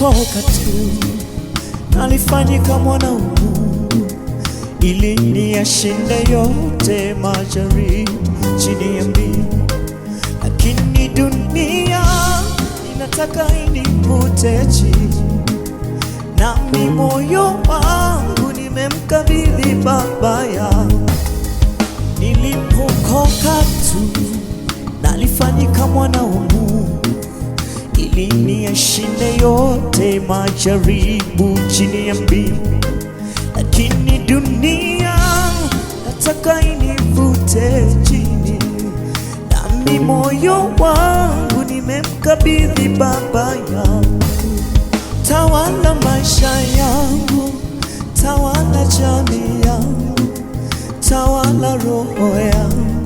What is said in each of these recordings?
kwa tu, nalifanyika mwanaumu, ili niyashinde yote majaribu chini ya mbingu, lakini dunia inataka inipute chini, nami moyo wangu nimemkabidhi Baba yangu. Nilipokoka tu nalifanyika mwanaumu ili niyashinde yote majaribu chini ya mbingu, lakini dunia nataka inivute chini, nami moyo wangu nimemkabidhi Baba yangu. Tawala maisha yangu, tawala jamii yangu, tawala roho yangu,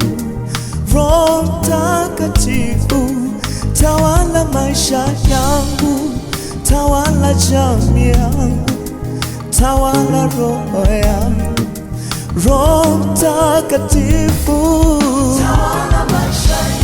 Roho Mtakatifu Tawala maisha yangu, tawala jamii yangu, tawala roho yangu, Roho Mtakatifu, tawala maisha yangu.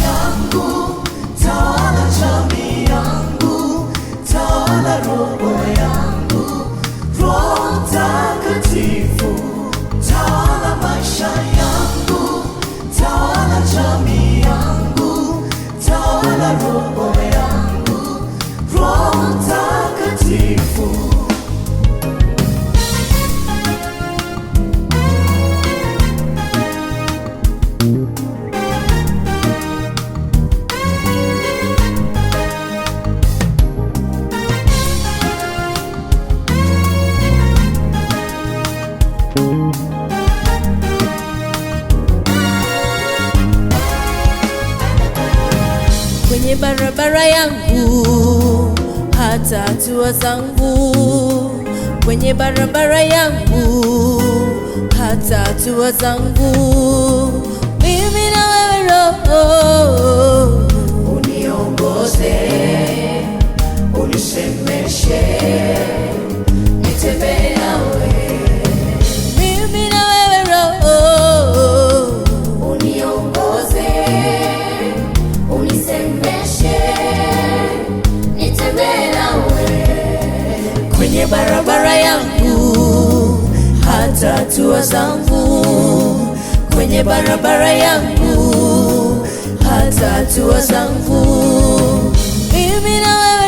kwenye barabara yangu, hata hatua zangu kwenye barabara yangu, hata hatua zangu, mimi na wewe Roho uniongoze, unisemeshe hatua zangu kwenye barabara yangu, hata hatua zangu mimi na wewe,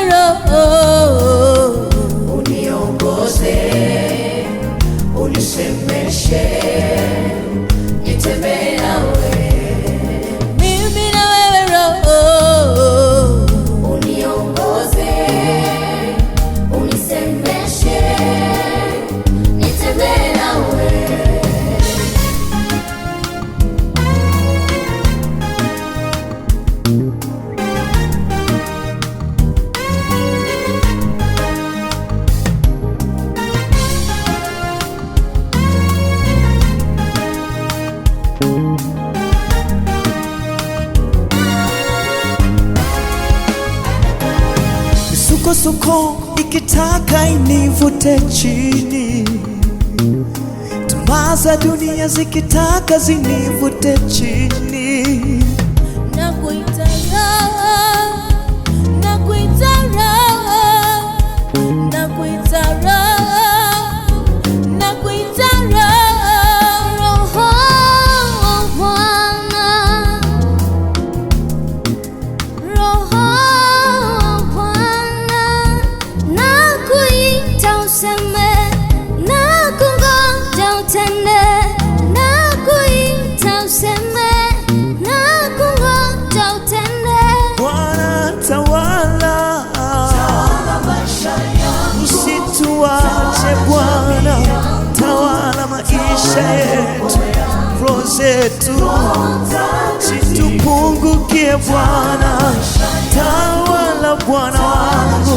Roho uniongoze, unisemeshe Misukosuko ikitaka inivute chini, tamaa za dunia zikitaka zinivute chini useme na kungoja utende na kuita useme na kungoja utende. Bwana tawala, tawala usituache Bwana, tawala maisha yetu, roho zetu situpungukie Bwana, tawala Bwana wangu